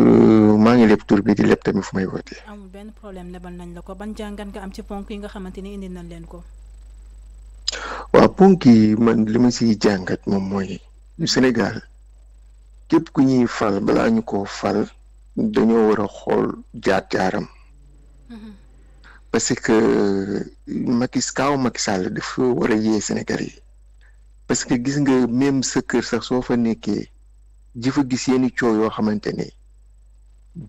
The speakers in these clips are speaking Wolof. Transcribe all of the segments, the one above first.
Euh, maa ngi lépp tur bi di lépp tamit fu may wootee. benn problème lebal nañ la ko ban jàngat nga am ci ponk yi nga xamante ni indi nañ leen ko. waaw ponk yi man li si jàngat moom mooy Sénégal képp ku ñuy fal balaa ñu koo fal dañoo war xool jaar jaaram. Mhm. parce que euh, Macky kaw Macky Sall dafa war yee Sénégal yi parce que gis nga même sa kër sax soo fa nekkee ji fa gis yenn coow yoo xamante ni.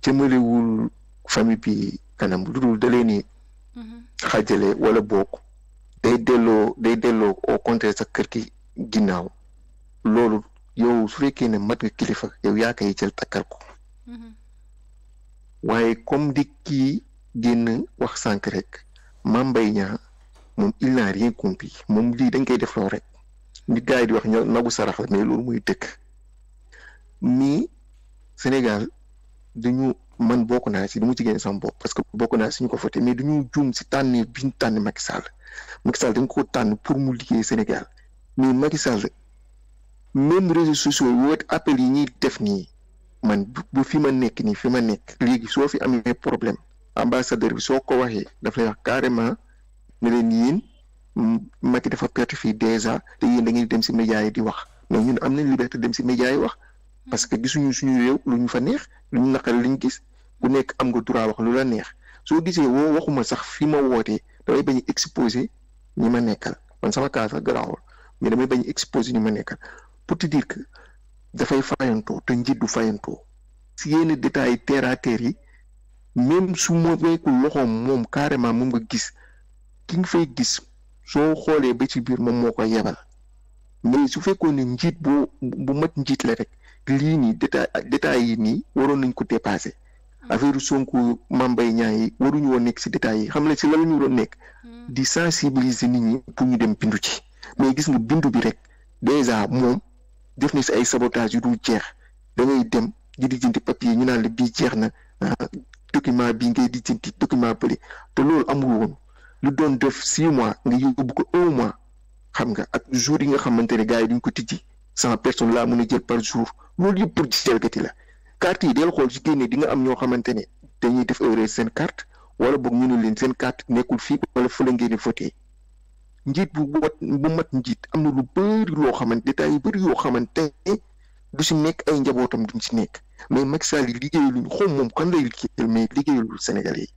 jëmalewul famille bi kanam lu dul da leen ni xajale wala bokk day delloo day delloo au contraire sa kër gi ginnaaw loolu yow su fekkee ne mat nga kilifa yow yaa koy jël takkal ko waaye comme di kii génn wax sànq rek Mame mbay Niang moom il n'a rien compris moom lii dañ koy def loo rek ni yi di wax ño nagu sarax la mais loolu muy dëkk mi Sénégal dañu man bokk naa si du mu ci génne sama bopp parce que bokk naa si ñu ko voté mais dañu juum si tànn bi ñu tànn Macky Sall Macky dañ ko tànn pour mu liggéey Sénégal mais Macky Sall même réseaux sociaux yi woote yi ñuy def nii man bu fi ma nekk nii fi léegi soo fi amee problème ambassadeur bi soo ko waxee dafa lay wax carrément ne leen yéen Macky dafa perte fii dèjà te yéen da ngeen dem si médias yi di wax mais ñun am nañ liberté dem si médias yi wax parce que gisuñu suñu réew lu ñu fa neex lu ñu naqare li ñu gis ku nekk am nga droit wax lu la neex soo gisee woo waxuma sax fi ma wootee damay bañ exposé ñi ma nekkal sama cas sax garaawul mais damay bañ exposé ñi ma nekkal pour te dire que dafay fayantoo te njiit du fayantoo si yenn détails terre à yi même su ma weekul loxoom moom carrément moom nga gis ki nga fay gis soo xoolee ba ci biir moom moo ko yebal mais su fekkoon ne njiit boo bu mat njiit la rek lii nii détail détails yi nii waroon nañ ko dépassé ah. affaire Sonko Mame Mbaye Niang yi waruñu woon nekk si détails yi xam ne si la la ñu waroon nekk hmm. di sensibiliser nit ñi pour ñu dem bindu ci mais gis nga bindu bi rek déjà moom def na si ay sabotage yu dul jeex da ngay dem di lijjanti papier ñu naan la bii jeex na ah, document bii ngay lijjanti document bële te loolu amul woon lu doon def six mois nga yóbbu ko un mois xam nga ak jour yi nga xamante ne gars yi duñ ko tijji cent personnes laa mën a jël par jour loolu yëpp pour jalgati la carte yi del xool ci génne di nga am ñoo xamante ne dañuy def erreur seen carte wala boog ñu ne leen seen carte nekkul fii wala fële ngeen di njiit bu wat bu mat njiit am na lu bëri loo xamante détails yu bëri yoo xamante ne du si nekk ay njabootam duñ si nekk mais Macky Sall yi liggéeyaluñ xaw moom kan lay liggéeyal mais liggéeyalul Sénégalais yi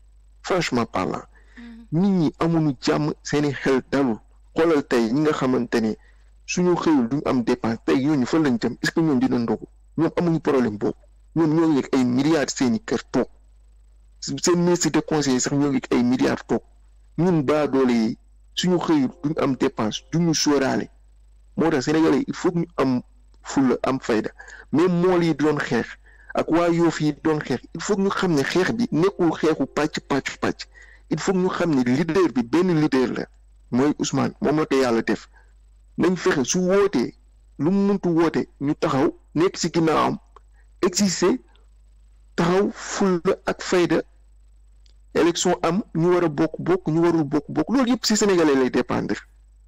franchement parlant mm-hmm. nit ñi amuñu jàmm seeni xel dalul xoolal tey ñi nga xamante ne suñu xëyul duñu am dépense tey ñooñu fa lañ jëm est ce que dina ndogu ñoom problème boobu ñoom ñoo ngi ay milliards seen i kër seen ministre de sax ñoo ngi ay milliards toog ñun baa suñu xëyul am dépense duñu sóoraale moo tax sénégalais il faut ñu am fulla am fayda mais mool yi doon xeex ak waa yoof yi doon xeex il faut ñu xam ne xeex bi nekkul xeexu pàcc pàcc pàcc il faut ñu xam ne leader bi benn leader la mooy Ousmane moom la ko yàlla def nañ fexe su wootee lu mu muntu woote ñu taxaw nekk ci am exister taxaw fulla ak fayda élection am ñu war bokk bokk ñu warul bokk bokk loolu yëpp ci sénégalais lay dépendre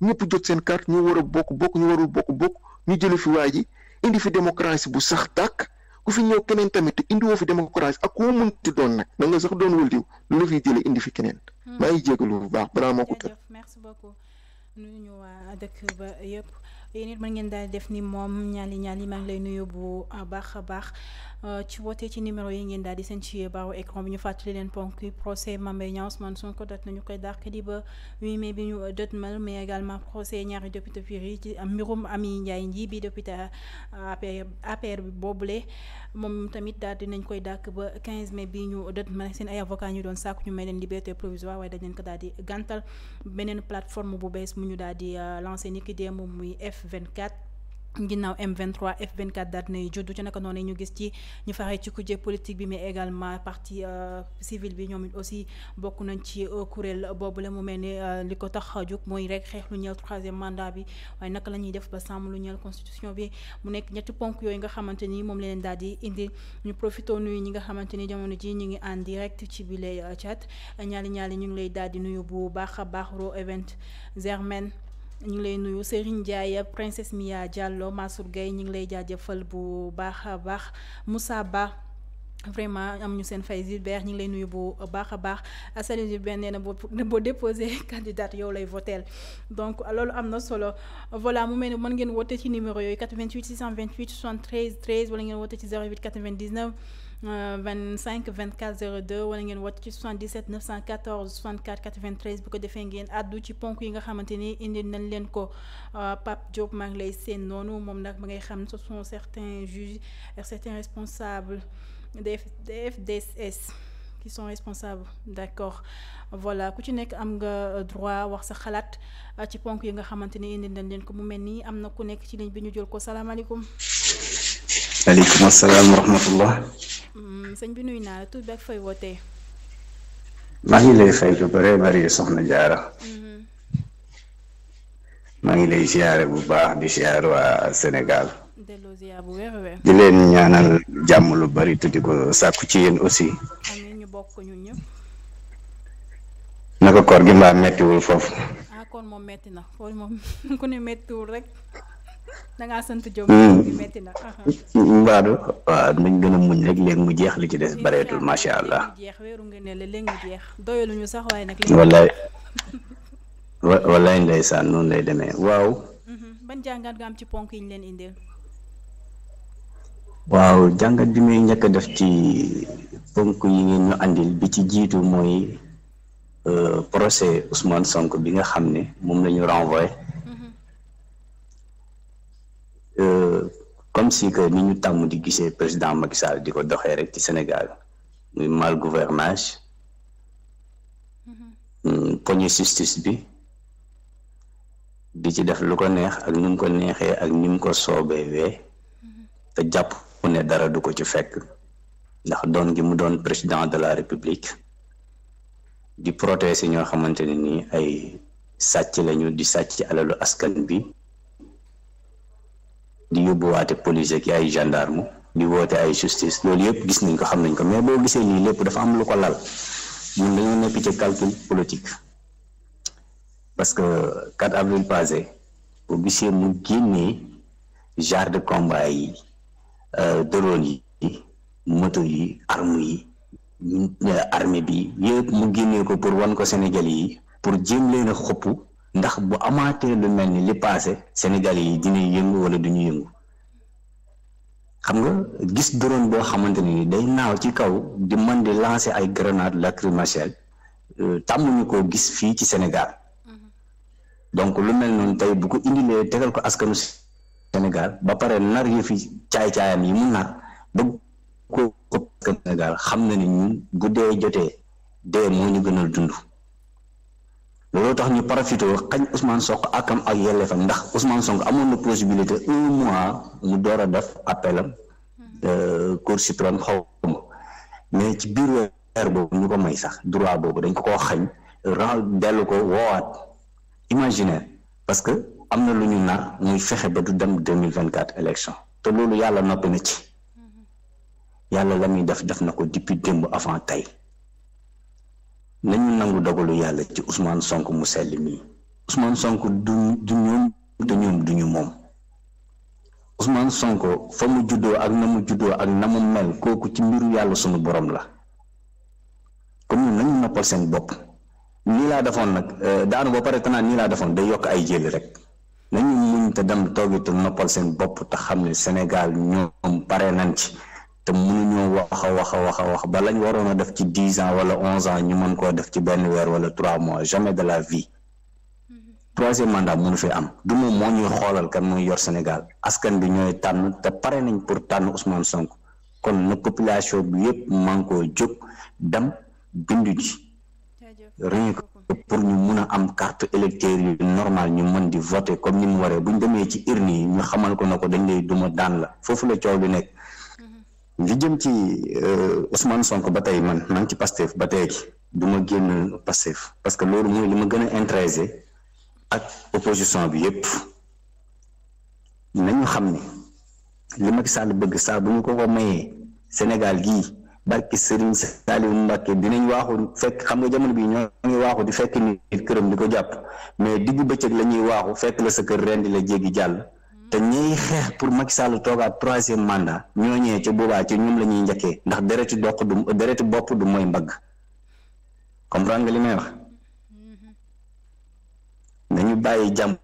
ñëpp jot seen carte ñu war a bokk bokk ñu warul bokk bokk ñu jële fi waa ji indi fi démocratie bu sax tàkk ku fi ñëw keneen tamit te indi woo fi démocratie ak koo mënti doon nag da nga sax doon wëldiw lu la fiy jële indi fi keneen hmm. maa ngi jégalu bu baax balaa moo ko tëj merci beaucoup nuyu ñu waa dëkk ba yëpp yéen it mën ngeen daal def ni moom ñaali ñaali maa ngi lay nuyu bu baax a baax euh, ci woote ci numéro yi ngeen daal di seen ci baaru écran bi ñu fàttali leen ponk yi procès Mame Mbaye Niang Ousmane Sonko dot nañu koy dàq di ba mais bi ñu dëtmal mais également procès ñaari député fii yi ci mbirum Ami Ndiaye nji bi député APR APR bi boobule moom tamit daal dinañ koy dàq ba 15 mai bi ñu dëtmal seen ay avocat ñu doon sàkku ñu may leen liberté provisoire waaye dañ leen ko daal di gàntal beneen plateforme bu bees mu ñu daal di euh, lancé ni ki démb muy F24 ginnaaw M23 F24 daal nay juddu ci naka noonu ñu gis ci ñu faree ci kujje politique bi mais également parti euh, civil bi ñoom it aussi bokk nañ ci euh, kuréel boobu la mu mel ne euh, li ko tax a jóg mooy rek xeex lu ñeel troisième mandat bi waaye naka la ñuy def ba sàmm lu ñeel constitution bi mu nekk ñetti ponk yooyu nga xamante ni moom leen daal di indi ñu profité nuyu ñi nga xamante ni jamono ji ñu ngi en direct ci bile chat ñaali ñaali ñu ngi lay daal di nuyu bu baax a baax Ro Event Zermen. ñu ngi lay nuyu Serigne Ndiaye Princesse Mia Diallo masur Gueye ñu ngi lay jaajëfal bu baax a baax Moussa Ba. vraiment am ñu seen fay Gilbert ñu ngi lay nuyu bu baax a baax Saly Gilbert nee na boo boo déposé candidat yow lay votel donc loolu am na solo voilà mu mel ni mën ngeen woote ci numéro yooyu 88 628 73 13 wala ngeen woote ci 08 99 25 24 02 wala ngeen woote ci 77 914 64 93 bu ko defee ngeen àddu ci ponk yi nga xamante nii indi nañ leen ko euh, Pape Diop maa ngi lay seen noonu moom nag ba ngay xam ne ce sont certains des DFDS ki sont responsables d'accord voilà ku ci nekk am nga euh, droit wax sa xalaat euh, ci ponk yi nga xamante ni indi nañ leen ko mu mel nii am na ku nekk ci ligne bi ñu jël ko salaamaaleykum. maaleykum asalaam wa rahmatullah. Hmm, sëñ bi nuyu naa la tur beeg fay wootee. maa ngi lay fay lu Marie Soxna Jaara. Hmm. maa ngi lay siyaare bu baax di siyaare waa Sénégal. di leen ñaanal jàmm lu bari te ko sàkku ci yéen aussi naka koor gi mbaa mettiwul foofu. ah kon moom metti na foofu moom ku ne mettiwul rek da sant Diop. Hmm. metti na. mbaadu waaw nañ gën a muñ rek léegi mu jeex li ci des bareetul macha allah. wallaay wallaay ndeysaan noonu lay demee waaw. Mhm. ban jàngat nga am ci ponk yi ñu leen indil. waaw jàngat bi muy njëkk a def ci ponk yi ngeen ñu andil bi ci jiitu mooy euh, procès Ousmane sonk bi nga xam ne moom la ñu renvoyé mm-hmm. euh, comme si que ni ñu tàmm di gisee président Macky Sall di ko doxee rek ci Sénégal muy mal gouvernance mm-hmm. mm, poñe justice bi di ci def lu ko neex ak ni mu ko neexee ak ni mu ko soobee wee mm-hmm. te jàpp mu ne dara du ko ci fekk ndax doon gi mu doon président de la république di protéger ñoo xamante ne nii ay sàcc lañu di sàcc ci alalu askan bi di yóbbuwaate police ak ay gendarme di woote ay justice loolu yëpp gis nañ ko xam nañ ko mais boo gisee lii lépp dafa am lu ko lal ñun dañoo nekk ci calcul politique parce que 4 avril passé boo gisee mu génnee genre de combat yi Euh, drone yi moto yi arme yi euh, armée bi yëpp mu génnee ko pour wan ko Sénégal yi pour jéem leen a xëpp ndax bu amaatee lu mel ni li passé Sénégal yi dinañ yëngu wala du ñu yëngu xam nga gis drone boo xamante ni day naaw ci kaw di man di lancer ay grenade lacrymogène euh, tàmmuñu ko gis fii ci Sénégal mm-hmm. donc lu mel noonu tey bu ko indilee tegal ko askanu Sénégal ba pare nar yëfi caay-caayam yi mu nar bëgg ko ëpp Sénégal xam na ni ñun bu dee jotee dee moo ñu gënal dund looloo tax ñu profité xañ Ousmane Sonko akam ak yelleefam ndax Ousmane sonk amoon na possibilité un mois mu door a def appelam hmm. euh, Cour suprême xaw ma mais ci biir weer boobu ñu ko may sax droit boobu dañ ko ko xañ ren ko woowaat imaginaire parce am na lu ñu nar muy fexe ba du dem deux mille vingt quatre élection te loolu yàlla noppi na ci yàlla la muy def def na ko depuis démb avant tey nañu nangu dogalu yàlla ci Ousmane sonk mu sell mii Ousmane Sonko du ñoom te ñoom du ñu moom Ousmane Sonko fa mu juddoo ak na mu juddoo ak na mu mel kooku ci mbiru yàlla sunu borom la comme ñun nañu noppal seen bopp nii laa defoon nag euh, daanu ba pare tanaan nii laa defoon day yokk ay jéeli rek nañu muñ te dem toogi te noppal seen bopp te xam ne Sénégal ñoom pare nañ ci te mënuñoo wax a wax a wax a wax ba lañ waroon a def ci dix ans wala onze ans ñu mën koo def ci benn weer wala trois mois jamais de la vie troisième mandat mënu fi am du moom moo ñuy xoolal kan mooy yor Sénégal askan bi ñooy tànn te pare nañ pour tànn Ousmane sonk kon na population bi yëpp man koo jóg dem bindu ji pour ñu mun a am carte électeur yu normal ñu mën di voter comme ni mu waree bu demee ci urne yi ñu xamal ko na ko dañ lay duma daan la foofu la coow li nekk mhm. li jëm ci euh, Ousmane Sonko ba tey man maa ngi ci Pastef ba tey gi du ma génn Pastef parce que loolu mooy li ma gën a intéressé ak opposition bi yëpp nañu xam ne li mag Sall bëgg saa bu ñu ko ko mayee Sénégal gii barki Serigne Saliou Mbacke dinañ waaxu fekk xam nga jamono bi ñoo ngi waaxu di fekk nit këram di ko jàpp mais diggu bëccëg la ñuy waaxu fekk la sa kër ren di la jéggi jàll mm. te ñuy xeex pour Macky Sall toogaat troisième mandat ñoo ñëwee ca boobaa ci ñoom la ñuy njëkkee ndax dereti doq du dereti bopp du mooy mbagg comprendre nga li may wax dañu mm-hmm. bàyyi jàmm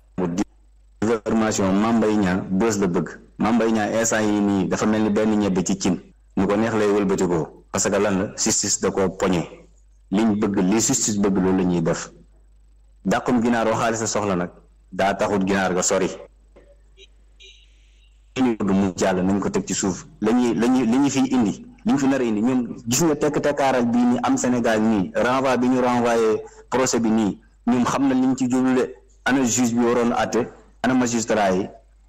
information Mame Mbaye Niang bës la bëgg Mame Mbaye instant yi nii dafa mel ni benn ñebbe ci cin nu ko neex lay wëlbati ko parce que lan la justice da koo poñe liñ bëgg li justice bëgg loolu la ñuy def dàqum ginaar waxaale sa soxla nag daa taxut ginaar ga sori ñu bëgg mu jàll nañ ko teg ci suuf lañuy lañuy li ñuy fiy indi li ñu fi nar a indi ñun gis nga tekk tekkaaral bii ni am Sénégal nii renvoi bi ñu renvoyé procès bi nii ñun xam na ñu ci jublu de ana juge bi waroon àtte ana magistrat yi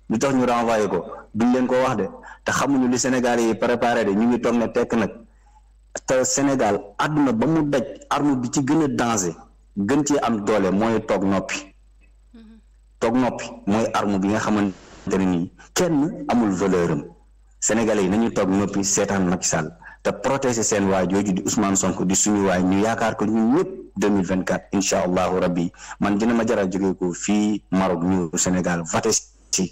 lu tax ñu renvoyé ko duñ leen ko wax de te xamuñu li Sénégal yi préparé de ñu ngi toog ne tekk nag te Sénégal àdduna ba mu daj armu bi ci gën a danger gën ci am doole mooy toog noppi toog noppi mooy arme bi nga xamante ne nii kenn amul valeur am Sénégalais yi nañu toog noppi seetaan Macky Sall te protéger seen waay jooju di Ousmane sonk di suñu waay ñu yaakaar ko mille ñëpp 2024 incha allahu rabbi man dina ma jaraa jógee ko fii Maroc ñëw Sénégal voté si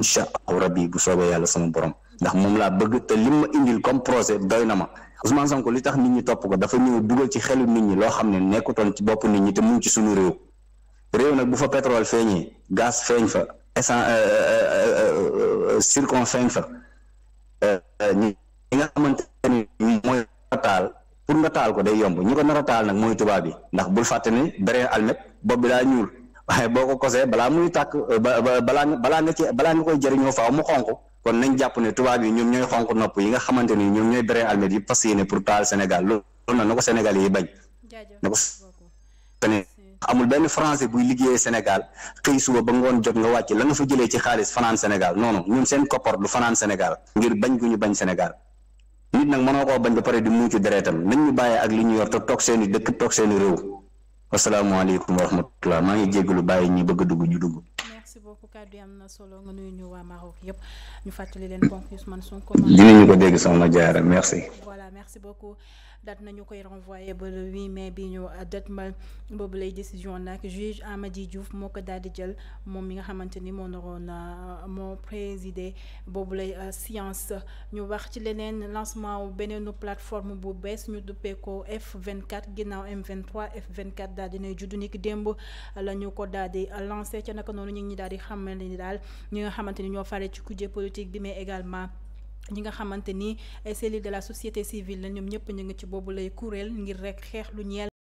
incha allahu rabbi bu yàlla sama borom ndax moom laa bëgg te lim ma indil comme projet doy na ma Ousmane Sonko li tax nit ñi topp ko dafa ñëw dugal ci xelu nit ñi loo xam ne nekkutoon ci bopp nit ñi te mu ngi ci suñu réew nag bu fa pétrole feeñee gaz feeñ fa essence zircon euh, euh, euh, feeñ fa ñi nga xamante ne mooy taal pour nga taal ko day yomb ñi ko nar taal nag mooy tubaab bi ndax bul fàtte ne beneen almet bopp bi daa ñuul. waaye boo ko kosee balaa muy tàkk eh, balaa balaa nga ci balaa nga koy jëriñoo faaw mu xonq kon nañ jàpp ne tubaab yi ñoom ñooy xonq nopp yi nga xamante ni ñoom ñooy béré almet yi fas yéene pour taal Sénégal loolu nag na ko Sénégal yi bañ na ko amul benn français buy liggéeyee Sénégal xëy suba ba ngoon jot nga wàcc la nga fa jëlee ci xaalis fanaan Sénégal non non ñun seen koppar du fanaan Sénégal ngir bañ gu ñu bañ Sénégal nit nag mënoo koo bañ ba pare di muucu deretam nañ ñu bàyyee ak li ñuy yor te toog seeni dëkk toog seeni réew asalaamaaleykum wa rahmatulah maa ngi jégalu bàyyi ñi bëgg a dugg ñu dugg. merci beaucoup kàddu yi am na solo nga nuyu ñu waa Maroc yëpp ñu fàttali leen man dinañu ko dégg soxna Diarra merci. voilà merci beaucoup. daat nañu koy renvoyé ba le 8 mai bi ñu dëtmal boobu lay décision nag juge Amady Diouf moo ko daal di jël moom mi nga xamante ni moo naroon euh, moo présidé boobu lay euh, science ñu wax ci leneen lancement beneenu plateforme bu bees ñu duppee ko F24 ginnaaw M23 F24 daal dinay juddu niki démb la ñu ko daal di lancé ca naka noonu ñu ngi daal di xamal ni daal ñi nga xamante ni ñoo fare ci kujje politique bi mais également ñi nga xamante ni eh, cellule de la société civile la ñoom ñëpp ñu nga ci boobu lay kuréel ngir rek xeex lu ñeel.